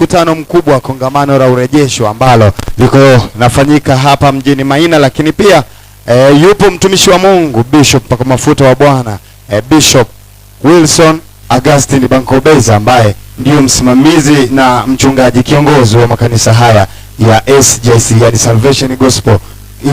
Mkutano mkubwa wa kongamano la urejesho ambalo liko nafanyika hapa mjini Maina, lakini pia e, yupo mtumishi wa Mungu Bishop paka mafuta wa Bwana e, Bishop Wilson Augustine Bankobeza ambaye ndiyo msimamizi na mchungaji kiongozi wa makanisa haya ya SJC, yani Salvation Gospel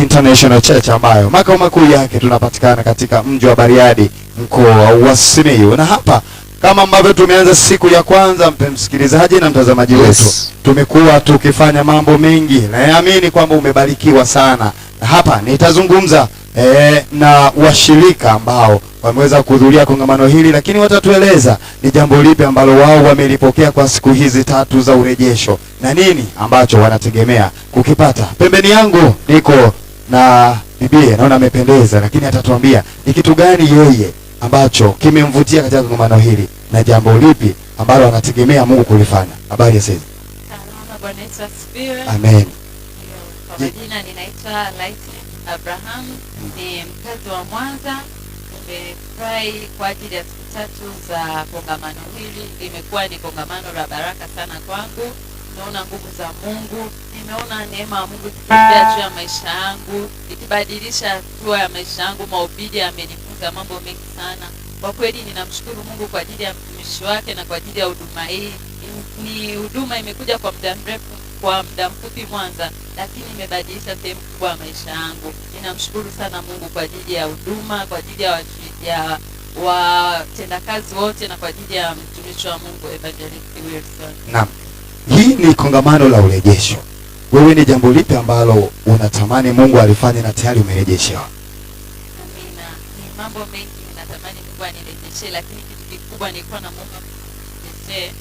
International Church ambayo makao makuu yake tunapatikana katika mji wa Bariadi, mkoa wa Simiyu, na hapa kama ambavyo tumeanza siku ya kwanza, mpe msikilizaji na mtazamaji wetu, tumekuwa tukifanya mambo mengi, naamini kwamba umebarikiwa sana. Hapa nitazungumza e, na washirika ambao wameweza kuhudhuria kongamano hili, lakini watatueleza ni jambo lipi ambalo wao wamelipokea kwa siku hizi tatu za urejesho na nini ambacho wanategemea kukipata. Pembeni yangu niko na bibie, naona amependeza, lakini atatuambia ni kitu gani yeye ambacho kimemvutia katika kongamano hili na jambo lipi ambalo anategemea Mungu kulifanya? Habari ya sasa. Salama, Bwana Yesu asifiwe. Amen. Kwa majina ninaitwa Lightning Abraham, ni mkazi wa Mwanza. Nimefurahi kwa ajili ya siku tatu za kongamano hili, limekuwa ni kongamano la baraka sana kwangu. Naona nguvu za Mungu, nimeona neema ya Mungu ikitokea juu ya maisha yangu, ikibadilisha hatua ya maisha yangu. maubidi yameni katika mambo mengi sana. Kwa kweli ninamshukuru Mungu kwa ajili ya mtumishi wake na kwa ajili ya huduma hii. Ni huduma imekuja kwa muda mrefu, kwa muda mfupi Mwanza, lakini imebadilisha sehemu kubwa ya maisha yangu. Ninamshukuru sana Mungu kwa ajili ya huduma, kwa ajili ya watendakazi wote na kwa ajili ya mtumishi wa Mungu Evangelist Wilson. Naam. Hii ni kongamano la urejesho. Wewe ni jambo lipi ambalo unatamani Mungu alifanye na tayari umerejeshewa? mambo mengi natamani Mungu anirejeshee, lakini kitu kikubwa nilikuwa na Mungu anirejeshee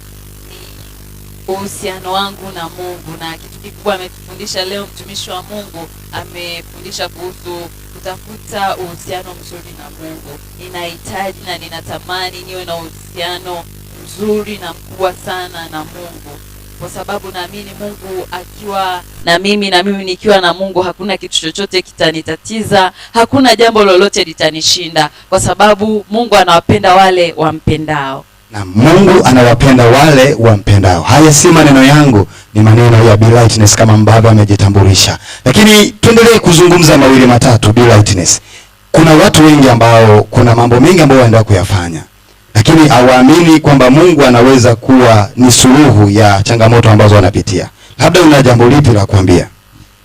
ni uhusiano wangu na Mungu, na kitu kikubwa ametufundisha leo mtumishi wa Mungu amefundisha kuhusu kutafuta uhusiano mzuri na Mungu. Ninahitaji na ninatamani niwe na uhusiano mzuri na mkubwa sana na Mungu kwa sababu naamini Mungu akiwa na mimi na mimi nikiwa na Mungu, hakuna kitu chochote kitanitatiza, hakuna jambo lolote litanishinda, kwa sababu Mungu anawapenda wale wampendao na Mungu anawapenda wale wampendao. Haya si maneno yangu, ni maneno ya Be Lightness kama mbaba amejitambulisha. Lakini tuendelee kuzungumza mawili matatu Be Lightness. Kuna watu wengi ambao kuna mambo mengi ambayo wanaenda kuyafanya lakini hawaamini kwamba Mungu anaweza kuwa ni suluhu ya changamoto ambazo wanapitia. Labda una jambo lipi la kuambia?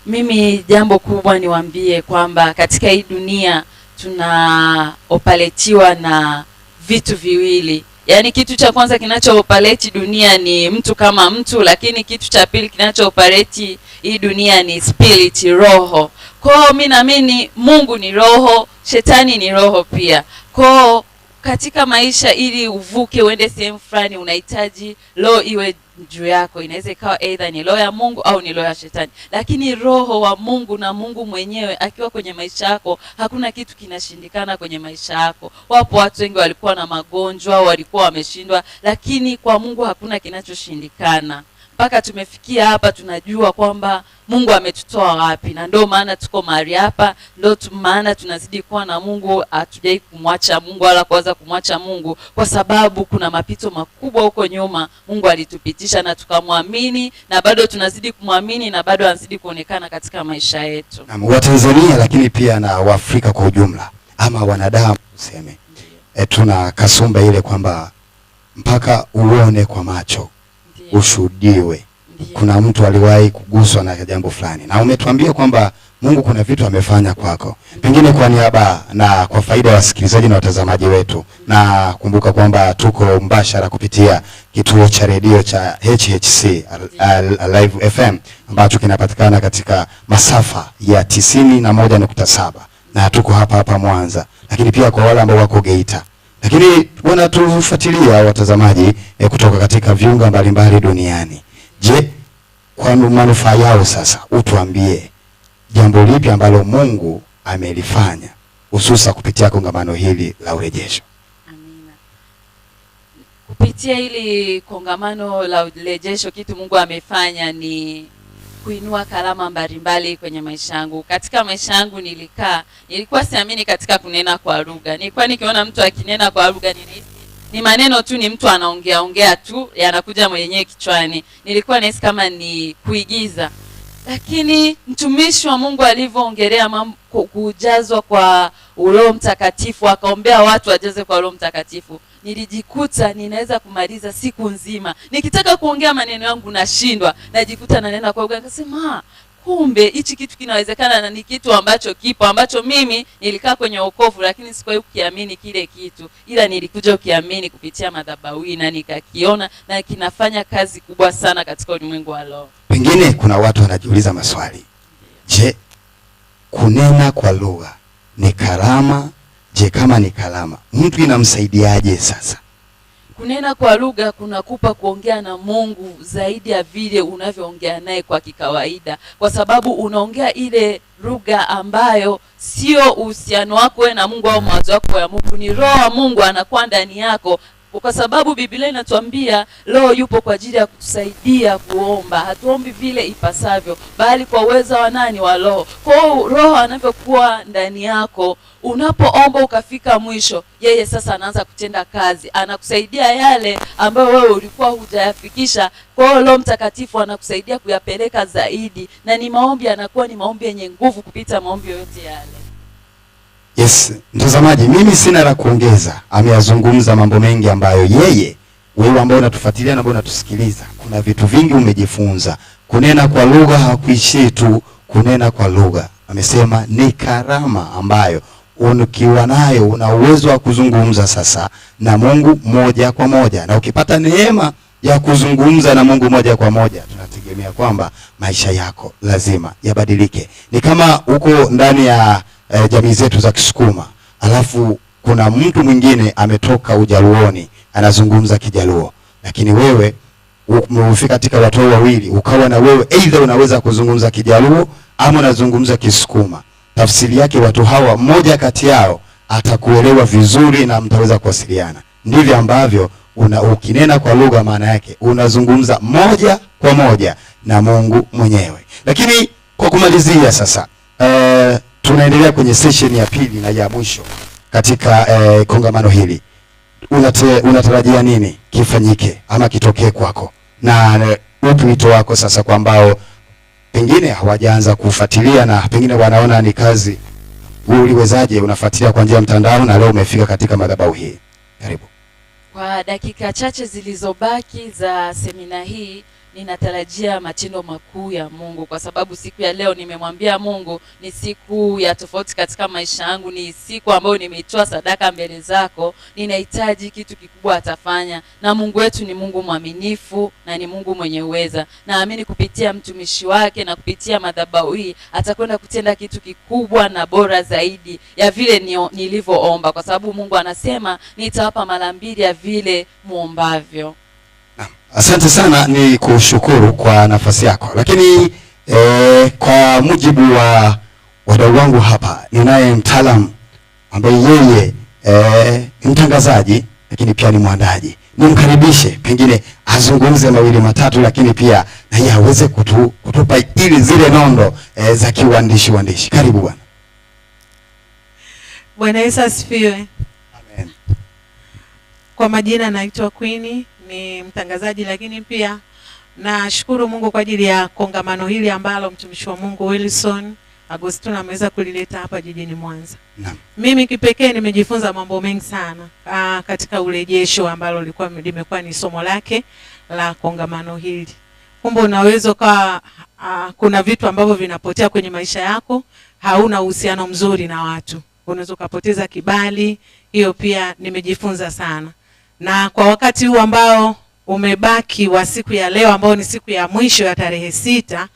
Mimi jambo kubwa niwaambie kwamba katika hii dunia tunaopaletiwa na vitu viwili, yaani kitu cha kwanza kinachoopaleti dunia ni mtu kama mtu, lakini kitu cha pili kinachoopaleti hii dunia ni spirit, roho. Kwao mimi naamini Mungu ni roho, shetani ni roho pia kwao katika maisha, ili uvuke uende sehemu fulani, unahitaji roho iwe juu yako. Inaweza ikawa either ni roho ya Mungu au ni roho ya shetani, lakini roho wa Mungu na Mungu mwenyewe akiwa kwenye maisha yako, hakuna kitu kinashindikana kwenye maisha yako. Wapo watu wengi walikuwa na magonjwa, walikuwa wameshindwa, lakini kwa Mungu hakuna kinachoshindikana mpaka tumefikia hapa, tunajua kwamba Mungu ametutoa wapi, na ndio maana tuko mahali hapa, ndio maana tunazidi kuwa na Mungu. Hatujai kumwacha Mungu wala kuanza kumwacha Mungu, kwa sababu kuna mapito makubwa huko nyuma Mungu alitupitisha na tukamwamini, na bado tunazidi kumwamini, na bado anazidi kuonekana katika maisha yetu Watanzania, lakini pia na Waafrika kwa ujumla, ama wanadamu tuseme, e, tuna kasumba ile kwamba mpaka uone kwa macho ushuhudiwe. Kuna mtu aliwahi kuguswa na jambo fulani, na umetuambia kwamba Mungu kuna vitu amefanya kwako, pengine kwa niaba na kwa faida ya wasikilizaji na watazamaji wetu. Na kumbuka kwamba tuko mbashara kupitia kituo cha redio cha HHC uh, Live FM ambacho kinapatikana katika masafa ya tisini na moja nukta saba na tuko hapa hapa Mwanza, lakini pia kwa wale ambao wako Geita lakini wanatufuatilia watazamaji e, kutoka katika viunga mbalimbali duniani. Je, kwa manufaa yao sasa utuambie jambo lipi ambalo Mungu amelifanya hususa kupitia kongamano hili la urejesho? Amina. Kupitia hili kongamano la urejesho kitu Mungu amefanya ni kuinua karama mbalimbali kwenye maisha yangu. Katika maisha yangu nilikaa, nilikuwa siamini katika kunena kwa lugha. Nilikuwa nikiona mtu akinena kwa lugha ni ni maneno tu, ni mtu anaongea ongea tu, yanakuja mwenyewe kichwani. Nilikuwa nahisi kama ni kuigiza. Lakini mtumishi wa Mungu alivyoongelea kujazwa kwa Roho Mtakatifu, akaombea watu wajaze kwa Roho Mtakatifu, nilijikuta ninaweza kumaliza siku nzima nikitaka kuongea maneno yangu nashindwa, najikuta nanena kwa uganga, kasema ah, kumbe hichi kitu kinawezekana na ni kitu ambacho kipo ambacho mimi nilikaa kwenye wokovu, lakini sikuwahi kukiamini kile kitu, ila nilikuja ukiamini kupitia hii na nikakiona, na kinafanya kazi kubwa sana katika ulimwengu wa roho. Pengine kuna watu wanajiuliza maswali, je, kunena kwa lugha ni karama? Je, kama ni karama, mtu inamsaidiaje sasa kunena kwa lugha kunakupa kuongea na Mungu zaidi ya vile unavyoongea naye kwa kikawaida, kwa sababu unaongea ile lugha ambayo sio uhusiano wako wewe na Mungu au mawazo yako ya Mungu. Ni Roho wa Mungu anakuwa ndani yako, kwa sababu Biblia inatuambia roho yupo kwa ajili ya kutusaidia kuomba. Hatuombi vile ipasavyo, bali kwa uweza wa nani? Wa Roho. Kwa hiyo Roho anavyokuwa ndani yako, unapoomba ukafika mwisho, yeye sasa anaanza kutenda kazi, anakusaidia yale ambayo wewe ulikuwa hujayafikisha. Kwa hiyo Roho Mtakatifu anakusaidia kuyapeleka zaidi, na ni maombi anakuwa ni maombi yenye nguvu kupita maombi yoyote yale. Yes, mtazamaji, mimi sina la kuongeza. Ameyazungumza mambo mengi ambayo yeye wewe ambao unatufuatilia na ambao unatusikiliza, kuna vitu vingi umejifunza. Kunena kwa lugha hakuishi tu kunena kwa lugha, amesema ni karama ambayo ukiwa nayo una uwezo wa kuzungumza sasa na Mungu moja kwa moja, na ukipata neema ya kuzungumza na Mungu moja kwa moja, tunategemea kwamba maisha yako lazima yabadilike. Ni kama uko ndani ya eh, jamii zetu za Kisukuma, alafu kuna mtu mwingine ametoka Ujaluoni anazungumza Kijaluo, lakini wewe umefika katika watu wawili, ukawa na wewe aidha unaweza kuzungumza Kijaluo ama unazungumza Kisukuma. Tafsiri yake watu hawa, mmoja kati yao atakuelewa vizuri na mtaweza kuwasiliana. Ndivyo ambavyo una, ukinena kwa lugha, maana yake unazungumza moja kwa moja na Mungu mwenyewe. Lakini kwa kumalizia sasa, eh, Tunaendelea kwenye session ya pili na ya mwisho katika eh, kongamano hili. Unate, unatarajia nini kifanyike ama kitokee kwako, na eh, upi wito wako sasa kwa ambao pengine hawajaanza kufuatilia na pengine wanaona ni kazi? Uliwezaje unafuatilia kwa njia ya mtandao na leo umefika katika madhabahu hii? Karibu. Kwa dakika chache zilizobaki za semina hii ninatarajia matendo makuu ya Mungu kwa sababu siku ya leo nimemwambia Mungu ni siku ya tofauti katika maisha yangu, ni siku ambayo nimeitoa sadaka mbele zako. Ninahitaji kitu kikubwa atafanya, na Mungu wetu ni Mungu mwaminifu na ni Mungu mwenye uweza. Naamini kupitia mtumishi wake na kupitia madhabahu hii atakwenda kutenda kitu kikubwa na bora zaidi ya vile nilivyoomba, kwa sababu Mungu anasema nitawapa mara mbili ya vile muombavyo. Asante sana, ni kushukuru kwa nafasi yako, lakini e, kwa mujibu wa wadau wangu hapa ninaye mtaalam ambaye yeye eh, ni mtangazaji lakini pia ni mwandaji. Nimkaribishe pengine azungumze mawili matatu, lakini pia na yeye aweze kutu, kutupa ili zile nondo e, za kiuandishi uandishi. Karibu bwana. Bwana Yesu asifiwe. Kwa majina naitwa Queen, ni mtangazaji lakini pia nashukuru Mungu kwa ajili ya kongamano hili ambalo mtumishi wa Mungu Wilson Agostino ameweza kulileta hapa jijini Mwanza. Naam. Mimi kipekee nimejifunza mambo mengi sana aa, ah, katika urejesho ambalo lilikuwa limekuwa ni somo lake la kongamano hili. Kumbe unaweza ukawa ah, kuna vitu ambavyo vinapotea kwenye maisha yako, hauna uhusiano mzuri na watu, unaweza ukapoteza kibali. Hiyo pia nimejifunza sana na kwa wakati huu ambao umebaki wa siku ya leo ambayo ni siku ya mwisho ya tarehe sita,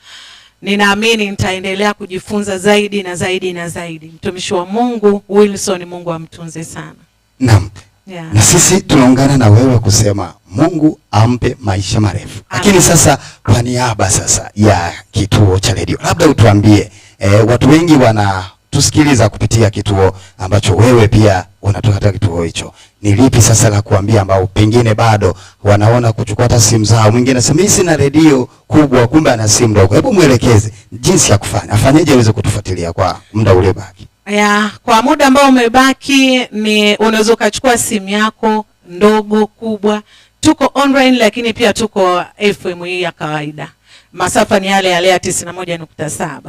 ninaamini nitaendelea kujifunza zaidi na zaidi na zaidi. Mtumishi wa Mungu Wilson, Mungu amtunze sana. Naam. Yeah. Na sisi tunaungana na wewe kusema Mungu ampe maisha marefu. Lakini sasa kwa niaba sasa ya kituo cha redio, labda utuambie e, watu wengi wanatusikiliza kupitia kituo ambacho wewe pia unatoka katika kituo hicho ni lipi sasa la kuambia ambao pengine bado wanaona kuchukua hata simu zao. Mwingine anasema mimi sina redio kubwa, kumbe ana simu ndogo. Hebu mwelekeze jinsi ya kufanya, afanyeje aweze kutufuatilia kwa muda ule baki ya kwa muda ambao umebaki. Ni unaweza ukachukua simu yako ndogo, kubwa. Tuko online lakini pia tuko FM hii ya kawaida, masafa ni yale yale ya 91.7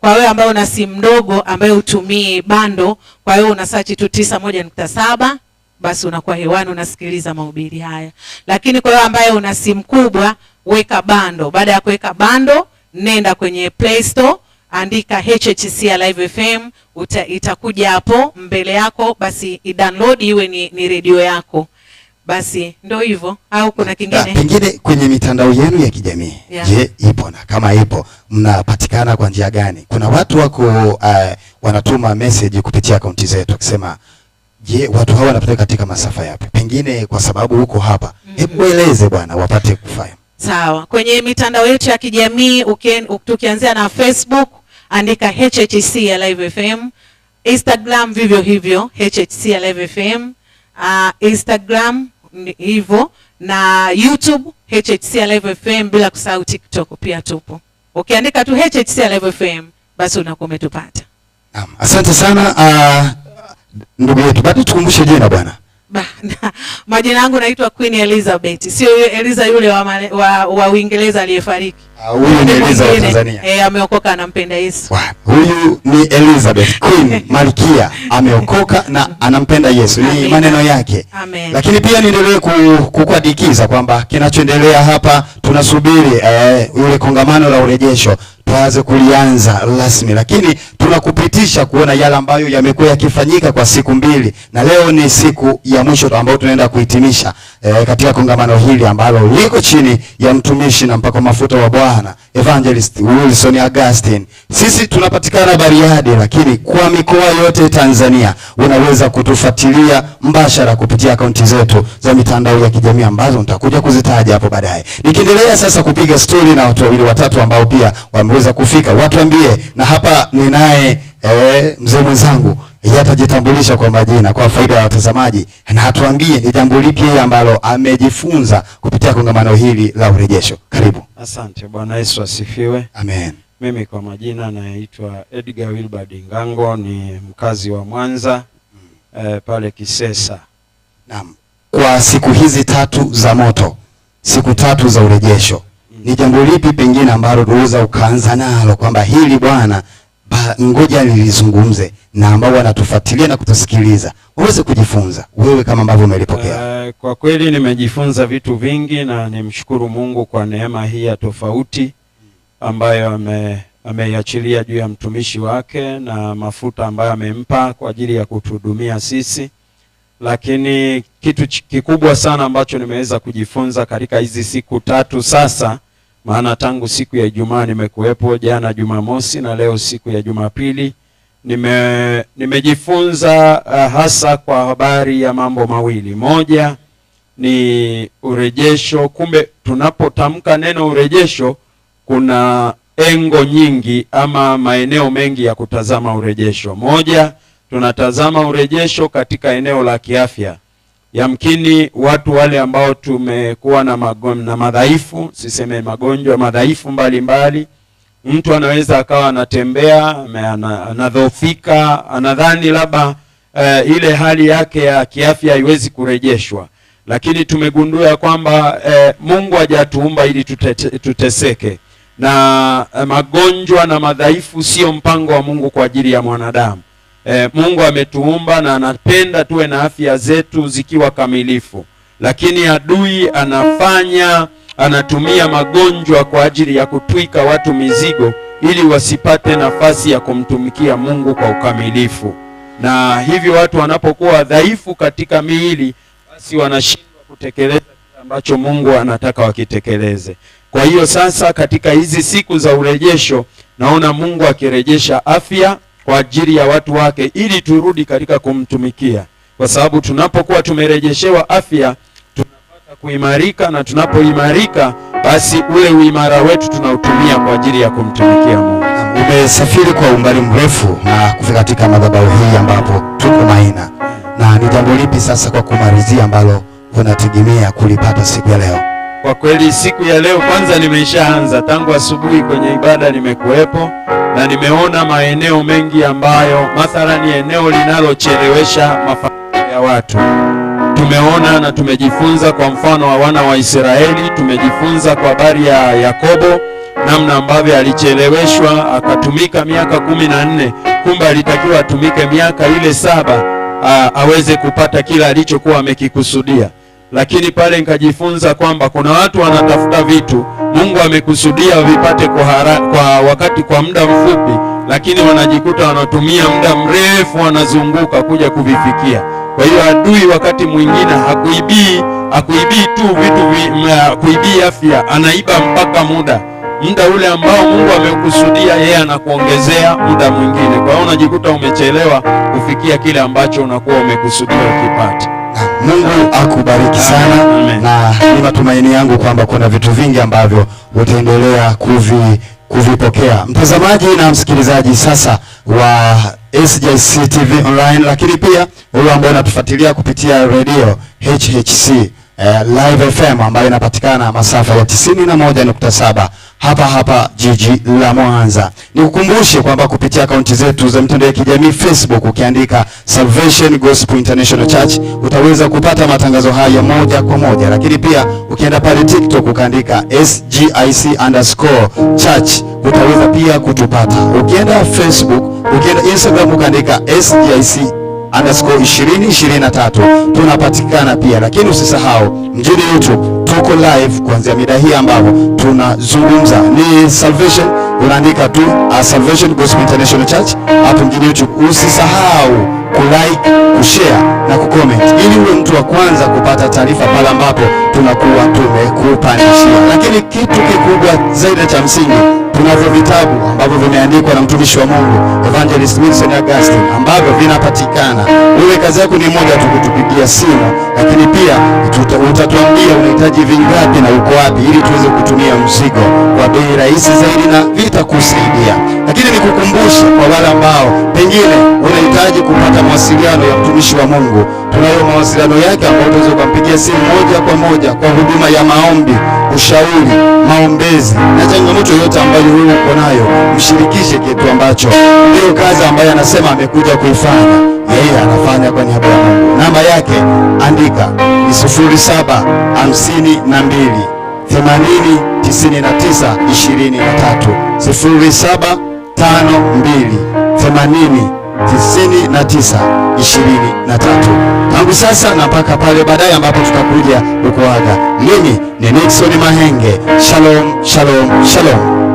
kwa wewe ambaye una simu ndogo ambayo utumii bando, kwa hiyo una search tu 91.7 basi unakuwa hewani unasikiliza mahubiri haya. Lakini kwa wewe ambaye una simu kubwa, weka bando. Baada ya kuweka bando, nenda kwenye Play Store, andika HHC Live FM uta, itakuja hapo mbele yako, basi i-download iwe ni, ni redio yako. Basi ndio hivyo, au kuna kingine? Pengine kwenye mitandao yenu ya kijamii yeah. Je, ipo na kama ipo mnapatikana kwa njia gani? Kuna watu wako uh, wanatuma message kupitia akaunti zetu akisema Je, watu hawa wanapita katika masafa yapi? Pengine kwa sababu huko hapa. Mm Hebu eleze bwana wapate kufahamu. Sawa. Kwenye mitandao yetu ya kijamii tukianzia na Facebook andika HHC Live FM, Instagram vivyo hivyo HHC Live FM, uh, ah, Instagram hivyo na YouTube HHC Live FM, bila kusahau TikTok pia tupo. Ukiandika tu HHC Live FM basi unakuwa umetupata. Naam. Asante sana uh ndugu yetu, bado tukumbushe jina bwana. Majina yangu naitwa Queen Elizabeth, sio Eliza yule wa, wa, wa Uingereza aliyefariki. Ah, huyu ni Eliza wa Tanzania. Eh, ameokoka anampenda Yesu. Huyu ni Elizabeth Queen Malkia ameokoka na anampenda Yesu. Amen. Ni maneno yake. Amen. Lakini pia niendelee kukuadikiza kwamba kinachoendelea hapa tunasubiri eh, yule kongamano la urejesho tuanze kulianza rasmi, lakini tunakupitisha kuona yale ambayo yamekuwa yakifanyika kwa siku mbili, na leo ni siku ya mwisho ambayo tunaenda kuhitimisha e, katika kongamano hili ambalo liko chini ya mtumishi na mpako mafuta wa Bwana Evangelist Wilson Augustine. Sisi tunapatikana Bariadi, lakini kwa mikoa yote Tanzania unaweza kutufuatilia mbashara kupitia akaunti zetu za mitandao ya kijamii ambazo nitakuja kuzitaja hapo baadaye. Nikiendelea sasa kupiga stori na watu wawili watatu ambao pia wameweza kufika, watuambie. Na hapa ninaye eh, mzee mwenzangu yatajitambulisha kwa majina kwa faida ya watazamaji na atuambie ni jambo lipi yeye ambalo amejifunza kupitia kongamano hili la urejesho. Karibu. Asante. Bwana Yesu asifiwe. Amen. Mimi kwa majina naitwa Edgar Wilbard Ngango, ni mkazi wa Mwanza mm. eh, pale Kisesa. Naam. Kwa siku hizi tatu za moto, siku tatu za urejesho, mm. ni jambo lipi pengine ambalo unaweza ukaanza nalo kwamba hili bwana ba, ngoja nilizungumze na ambao wanatufuatilia na kutusikiliza waweze kujifunza, wewe kama ambavyo umelipokea. Uh, kwa kweli nimejifunza vitu vingi na nimshukuru Mungu kwa neema hii ya tofauti ambayo ame ameiachilia juu ya mtumishi wake na mafuta ambayo amempa kwa ajili ya kutuhudumia sisi. Lakini kitu kikubwa sana ambacho nimeweza kujifunza katika hizi siku tatu sasa maana tangu siku ya Ijumaa nimekuwepo, jana Jumamosi na leo siku ya Jumapili. Nime nimejifunza uh, hasa kwa habari ya mambo mawili. Moja ni urejesho. Kumbe tunapotamka neno urejesho, kuna engo nyingi ama maeneo mengi ya kutazama urejesho. Moja, tunatazama urejesho katika eneo la kiafya Yamkini watu wale ambao tumekuwa na magom, na madhaifu siseme magonjwa, madhaifu mbalimbali. Mtu anaweza akawa anatembea anadhoofika, anadhani labda uh, ile hali yake ya kiafya haiwezi kurejeshwa, lakini tumegundua kwamba uh, Mungu hajatuumba ili tutete, tuteseke na eh, magonjwa na madhaifu sio mpango wa Mungu kwa ajili ya mwanadamu eh, Mungu ametuumba na anapenda tuwe na afya zetu zikiwa kamilifu, lakini adui anafanya anatumia magonjwa kwa ajili ya kutwika watu mizigo ili wasipate nafasi ya kumtumikia Mungu kwa ukamilifu. Na hivyo watu wanapokuwa dhaifu katika miili, basi wanashindwa kutekeleza kile ambacho Mungu anataka wakitekeleze. Kwa hiyo sasa, katika hizi siku za urejesho, naona Mungu akirejesha afya kwa ajili ya watu wake, ili turudi katika kumtumikia, kwa sababu tunapokuwa tumerejeshewa afya tunapata kuimarika, na tunapoimarika basi ule uimara wetu tunautumia kwa ajili ya kumtumikia Mungu. Umesafiri kwa umbali mrefu na kufika katika madhabahu hii ambapo tuko Maina, na ni jambo lipi sasa kwa kumalizia ambalo unategemea kulipata siku ya leo? Kwa kweli siku ya leo kwanza, nimeshaanza tangu asubuhi kwenye ibada, nimekuwepo na nimeona maeneo mengi ambayo mathalani eneo linalochelewesha mafanikio ya watu tumeona na tumejifunza kwa mfano wa wana wa Israeli, tumejifunza kwa habari ya Yakobo namna ambavyo alicheleweshwa akatumika miaka kumi na nne, kumbe alitakiwa atumike miaka ile saba a, aweze kupata kila alichokuwa amekikusudia lakini pale nikajifunza kwamba kuna watu wanatafuta vitu Mungu amekusudia vipate kuhara, kwa wakati kwa muda mfupi, lakini wanajikuta wanatumia muda mrefu wanazunguka kuja kuvifikia. Kwa hiyo adui wakati mwingine hakuibii hakuibii tu vitu vi, kuibii afya, anaiba mpaka muda muda ule ambao Mungu amekusudia yeye anakuongezea muda mwingine. Kwa hiyo unajikuta umechelewa kufikia kile ambacho unakuwa umekusudia ukipate. Mungu akubariki sana Amen. Na ni matumaini yangu kwamba kuna vitu vingi ambavyo utaendelea kuvi kuvipokea mtazamaji na msikilizaji sasa wa SJC TV online, lakini pia huyu ambaye unatufuatilia kupitia redio HHC eh, Live FM ambayo inapatikana masafa ya 91.7 hapa hapa jiji la Mwanza. Nikukumbushe kwamba kupitia akaunti zetu za mitandao ya kijamii Facebook, ukiandika Salvation Gospel International Church utaweza kupata matangazo haya moja kwa moja, lakini pia ukienda pale TikTok ukaandika SGIC underscore church utaweza pia kutupata. Ukienda Facebook, ukienda Instagram ukaandika SGIC underscore 2023 tunapatikana pia, lakini usisahau mjini YouTube tuko live kuanzia mida hii ambapo tunazungumza ni salvation. Unaandika tu uh, Salvation Gospel International Church hapo mjini YouTube. Usisahau kulike, kushare na kucomment ili uwe mtu wa kwanza kupata taarifa pale ambapo tunakuwa tumekupandishia. Lakini kitu kikubwa zaidi cha msingi, tunavyo vitabu ambavyo vimeandikwa na mtumishi wa Mungu Evangelist Wilson Augustine ambavyo vinapatikana. Wewe kazi yako ni moja tu, kutupigia simu, lakini pia utatuambia unahitaji vingapi na uko wapi, ili tuweze kutumia mzigo kwa bei rahisi zaidi na vitakusaidia. Lakini nikukumbushe kwa wale ambao pengine unahitaji kupata mawasiliano ya mtumishi wa Mungu. Tunayo mawasiliano yake ambayo unaweza ukampigia simu moja kwa moja kwa huduma ya maombi, ushauri, maombezi na changamoto yoyote ambayo wewe uko nayo. Mshirikishe kitu ambacho ndiyo kazi ambayo anasema amekuja kuifanya, yeye anafanya kwa niaba ya Mungu. Namba yake andika ni sifuri saba hamsini na mbili themanini tisini na tisa ishirini na tatu sufuri saba tano mbili themanini na tatu tangu sasa na mpaka pale baadaye ambapo tutakuja kukuaga. Mimi ni Nixon Mahenge. Shalom, shalom, shalom.